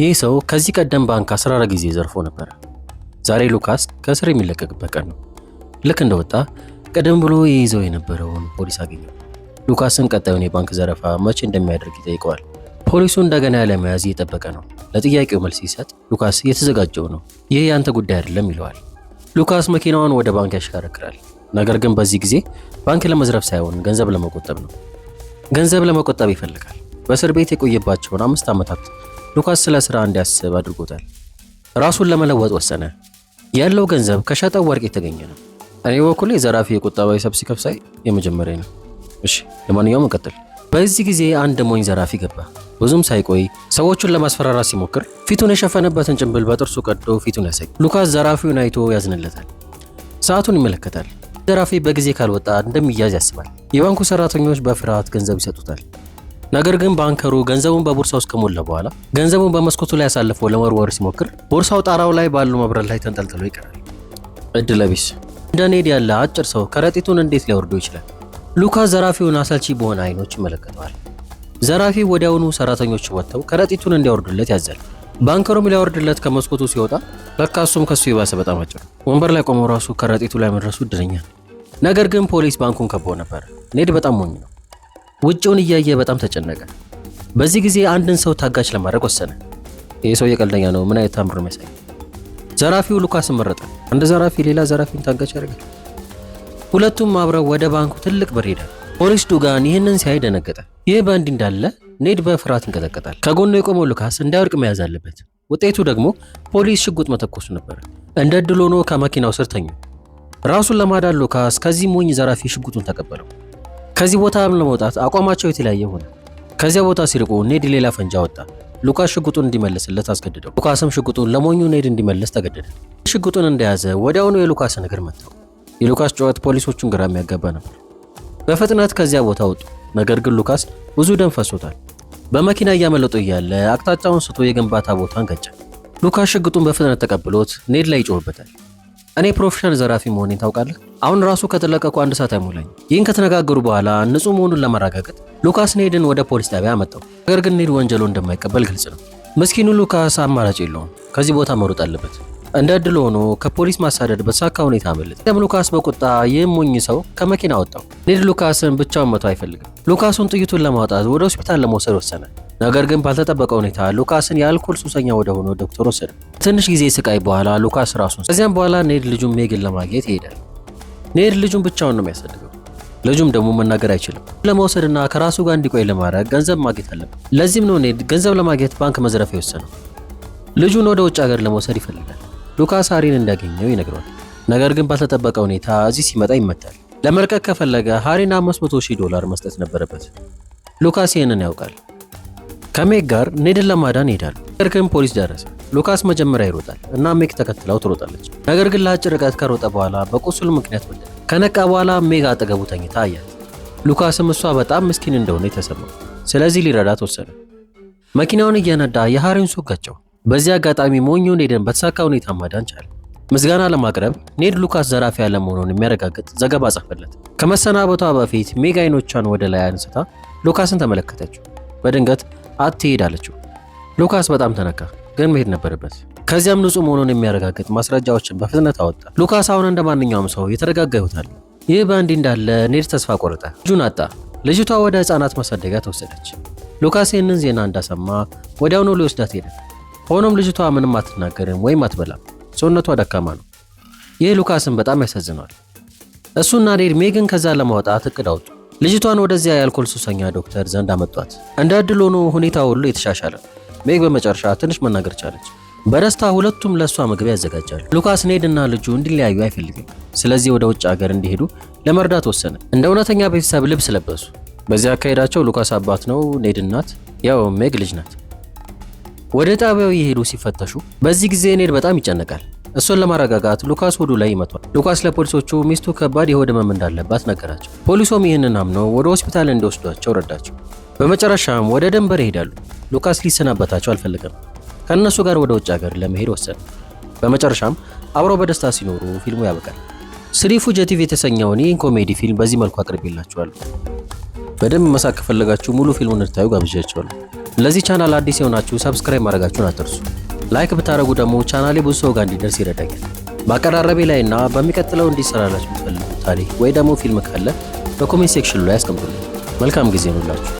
ይህ ሰው ከዚህ ቀደም ባንክ 14 ጊዜ ዘርፎ ነበረ። ዛሬ ሉካስ ከእስር የሚለቀቅበት ቀን ነው። ልክ እንደወጣ ቀደም ብሎ የይዘው የነበረውን ፖሊስ አገኘው። ሉካስን ቀጣዩን የባንክ ዘረፋ መቼ እንደሚያደርግ ይጠይቀዋል። ፖሊሱ እንደገና ያለመያዝ እየጠበቀ ነው። ለጥያቄው መልስ ሲሰጥ ሉካስ እየተዘጋጀው ነው። ይህ ያንተ ጉዳይ አይደለም ይለዋል። ሉካስ መኪናውን ወደ ባንክ ያሽከረክራል። ነገር ግን በዚህ ጊዜ ባንክ ለመዝረፍ ሳይሆን ገንዘብ ለመቆጠብ ነው። ገንዘብ ለመቆጠብ ይፈልጋል። በእስር ቤት የቆየባቸውን አምስት ዓመታት ሉካስ ስለ ሥራ እንዲያስብ አድርጎታል። ራሱን ለመለወጥ ወሰነ። ያለው ገንዘብ ከሸጠው ወርቅ የተገኘ ነው። እኔ በኩል ዘራፊ የቁጠባ ሂሳብ ሲከብሳይ የመጀመሪያ ነው። እሺ፣ ለማንኛውም እንቀጥል። በዚህ ጊዜ አንድ ሞኝ ዘራፊ ገባ። ብዙም ሳይቆይ ሰዎቹን ለማስፈራራት ሲሞክር ፊቱን የሸፈነበትን ጭንብል በጥርሱ ቀዶ ፊቱን ያሳይ። ሉካስ ዘራፊውን አይቶ ያዝንለታል። ሰዓቱን ይመለከታል። ዘራፊ በጊዜ ካልወጣ እንደሚያዝ ያስባል። የባንኩ ሰራተኞች በፍርሃት ገንዘብ ይሰጡታል። ነገር ግን ባንከሩ ገንዘቡን በቦርሳ ውስጥ ከሞላ በኋላ ገንዘቡን በመስኮቱ ላይ አሳልፎ ለመወርወር ሲሞክር ቦርሳው ጣራው ላይ ባሉ መብረት ላይ ተንጠልጥሎ ይቀራል። እድለቢስ ቢስ እንደ ኔድ ያለ አጭር ሰው ከረጢቱን እንዴት ሊያወርዶ ይችላል? ሉካስ ዘራፊውን አሰልቺ በሆነ አይኖች ይመለከተዋል። ዘራፊ ወዲያውኑ ሰራተኞቹ ወጥተው ከረጢቱን እንዲያወርዱለት ያዛል። ባንከሩም ሊያወርድለት ከመስኮቱ ሲወጣ ለካ እሱም ከሱ ይባሰ በጣም አጭር ወንበር ላይ ቆመው ራሱ ከረጢቱ ላይ መድረሱ እድለኛ። ነገር ግን ፖሊስ ባንኩን ከቦ ነበር። ኔድ በጣም ሞኝ ነው። ውጭውን እያየ በጣም ተጨነቀ። በዚህ ጊዜ አንድን ሰው ታጋች ለማድረግ ወሰነ። ይህ ሰው የቀልደኛ ነው፣ ምን አይነት ታምር መሳይ። ዘራፊው ሉካስ መረጠ። አንድ ዘራፊ ሌላ ዘራፊን ታጋች ያደርጋል። ሁለቱም አብረው ወደ ባንኩ ትልቅ ብር ሄዳል። ፖሊስ ዱጋን ይህንን ሲያይ ደነገጠ። ይህ በእንዲህ እንዳለ ኔድ በፍርሃት ይንቀጠቀጣል። ከጎኑ የቆመው ሉካስ እንዳይወድቅ መያዝ አለበት። ውጤቱ ደግሞ ፖሊስ ሽጉጥ መተኮሱ ነበር። እንደ ዕድል ሆኖ ከመኪናው ስር ተኙ። ራሱን ለማዳን ሉካስ ከዚህ ሞኝ ዘራፊ ሽጉጡን ተቀበለው። ከዚህ ቦታ ለመውጣት አቋማቸው የተለያየ ሆነ። ከዚያ ቦታ ሲርቁ ኔድ ሌላ ፈንጃ ወጣ ሉካስ ሽጉጡን እንዲመልስለት አስገደደው። ሉካስም ሽጉጡን ለሞኙ ኔድ እንዲመልስ ተገደደ። ሽጉጡን እንደያዘ ወዲያውኑ የሉካስን እግር መታው። የሉካስ ጩኸት ፖሊሶቹን ግራ የሚያጋባ ነበር። በፍጥነት ከዚያ ቦታ ወጡ። ነገር ግን ሉካስ ብዙ ደም ፈሶታል። በመኪና እያመለጡ እያለ አቅጣጫውን ስቶ የግንባታ ቦታን ገጨ። ሉካስ ሽጉጡን በፍጥነት ተቀብሎት ኔድ ላይ ይጮህበታል። እኔ ፕሮፌሽናል ዘራፊ መሆኔን ታውቃለህ። አሁን ራሱ ከተለቀቁ አንድ ሰዓት አይሞላኝ። ይህን ከተነጋገሩ በኋላ ንጹህ መሆኑን ለማረጋገጥ ሉካስ ኔድን ወደ ፖሊስ ጣቢያ አመጣው። ነገር ግን ኔድ ወንጀሉ እንደማይቀበል ግልጽ ነው። ምስኪኑ ሉካስ አማራጭ የለውም። ከዚህ ቦታ መሮጥ አለበት። እንደ እድል ሆኖ ከፖሊስ ማሳደድ በተሳካ ሁኔታ አመለጠ። ደም ሉካስ በቁጣ ይህም ሞኝ ሰው ከመኪና አወጣው። ኔድ ሉካስን ብቻውን መቶ አይፈልግም። ሉካሱን ጥይቱን ለማውጣት ወደ ሆስፒታል ለመውሰድ ወሰነ። ነገር ግን ባልተጠበቀ ሁኔታ ሉካስን የአልኮል ሱሰኛ ወደ ሆነው ዶክተር ወሰደ። ትንሽ ጊዜ ስቃይ በኋላ ሉካስ ራሱን ከዚያም በኋላ ኔድ ልጁን ሜግን ለማግኘት ይሄዳል። ኔድ ልጁን ብቻውን ነው የሚያሳድገው። ልጁም ደግሞ መናገር አይችልም። ለመውሰድና ከራሱ ጋር እንዲቆይ ለማድረግ ገንዘብ ማግኘት አለበት። ለዚህም ነው ኔድ ገንዘብ ለማግኘት ባንክ መዝረፍ የወሰነው። ልጁን ወደ ውጭ ሀገር ለመውሰድ ይፈልጋል። ሉካስ ሀሪን እንዳገኘው ይነግረዋል። ነገር ግን ባልተጠበቀ ሁኔታ እዚህ ሲመጣ ይመታል። ለመልቀቅ ከፈለገ ሀሪን 500 ሺህ ዶላር መስጠት ነበረበት። ሉካስ ይህንን ያውቃል። ከሜክ ጋር ኔድን ለማዳን ይሄዳሉ። ነገር ግን ፖሊስ ደረሰ። ሉካስ መጀመሪያ ይሮጣል እና ሜክ ተከትለው ትሮጣለች። ነገር ግን ለአጭር ርቀት ከሮጠ በኋላ በቁስሉ ምክንያት ወደ ከነቃ በኋላ ሜግ አጠገቡ ተኝታ አያት። ሉካስም እሷ በጣም ምስኪን እንደሆነ የተሰማው፣ ስለዚህ ሊረዳት ወሰነ። መኪናውን እየነዳ የሃሪውን ሱቅ ገጨው። በዚህ አጋጣሚ ሞኙ ኔድን በተሳካ ሁኔታ ማዳን ቻለ። ምስጋና ለማቅረብ ኔድ ሉካስ ዘራፊ ያለመሆኑን የሚያረጋግጥ ዘገባ ጻፈለት። ከመሰናበቷ በፊት ሜግ አይኖቿን ወደ ላይ አንስታ ሉካስን ተመለከተችው። በድንገት አትሄድ አለችው። ሉካስ በጣም ተነካ፣ ግን መሄድ ነበረበት። ከዚያም ንጹህ መሆኑን የሚያረጋግጥ ማስረጃዎችን በፍጥነት አወጣ። ሉካስ አሁን እንደ ማንኛውም ሰው የተረጋጋ ይወታል። ይህ በእንዲህ እንዳለ ኔድ ተስፋ ቆረጠ፣ ልጁን አጣ። ልጅቷ ወደ ህፃናት ማሳደጊያ ተወሰደች። ሉካስ ይህንን ዜና እንዳሰማ ወዲያውኑ ሊወስዳት ሄደ። ሆኖም ልጅቷ ምንም አትናገርም ወይም አትበላም፣ ሰውነቷ ደካማ ነው። ይህ ሉካስን በጣም ያሳዝነዋል። እሱና ኔድ ሜግን ከዛ ለማውጣት እቅድ አወጡ። ልጅቷን ወደዚያ የአልኮል ሱሰኛ ዶክተር ዘንድ አመጧት። እንደ እድል ሆኖ ሁኔታ ሁሉ የተሻሻለ ሜግ በመጨረሻ ትንሽ መናገር ቻለች። በደስታ ሁለቱም ለእሷ ምግብ ያዘጋጃሉ። ሉካስ ኔድና ልጁ እንዲለያዩ አይፈልግም። ስለዚህ ወደ ውጭ ሀገር እንዲሄዱ ለመርዳት ወሰነ። እንደ እውነተኛ ቤተሰብ ልብስ ለበሱ። በዚህ አካሄዳቸው ሉካስ አባት ነው፣ ኔድ እናት፣ ያው ሜግ ልጅ ናት። ወደ ጣቢያው እየሄዱ ሲፈተሹ በዚህ ጊዜ ኔድ በጣም ይጨነቃል። እሱን ለማረጋጋት ሉካስ ሆዱ ላይ ይመቷል። ሉካስ ለፖሊሶቹ ሚስቱ ከባድ የሆድ ህመም እንዳለባት ነገራቸው። ፖሊሶም ይህንን አምኖ ወደ ሆስፒታል እንዲወስዷቸው ረዳቸው። በመጨረሻም ወደ ደንበር ይሄዳሉ። ሉካስ ሊሰናበታቸው አልፈለገም። ከእነሱ ጋር ወደ ውጭ ሀገር ለመሄድ ወሰነ። በመጨረሻም አብረው በደስታ ሲኖሩ ፊልሙ ያበቃል። ስሪ ፉጀቲቭ የተሰኘውን ይህን ኮሜዲ ፊልም በዚህ መልኩ አቅርቤላችኋለሁ። በደንብ መሳቅ ከፈለጋችሁ ሙሉ ፊልሙን እንድታዩ ጋብዣችኋለሁ። ለዚህ ቻናል አዲስ የሆናችሁ ሰብስክራይብ ማድረጋችሁን አትርሱ። ላይክ ብታደረጉ ደግሞ ቻናሌ ብዙ ሰው ጋር እንዲደርስ ይረዳኛል። በአቀራረቤ ላይና በሚቀጥለው እንዲሰራላችሁ የምትፈልጉት ታሪክ ወይ ደግሞ ፊልም ካለ በኮሜንት ሴክሽኑ ላይ አስቀምጡልኝ። መልካም ጊዜ ይሁንላችሁ።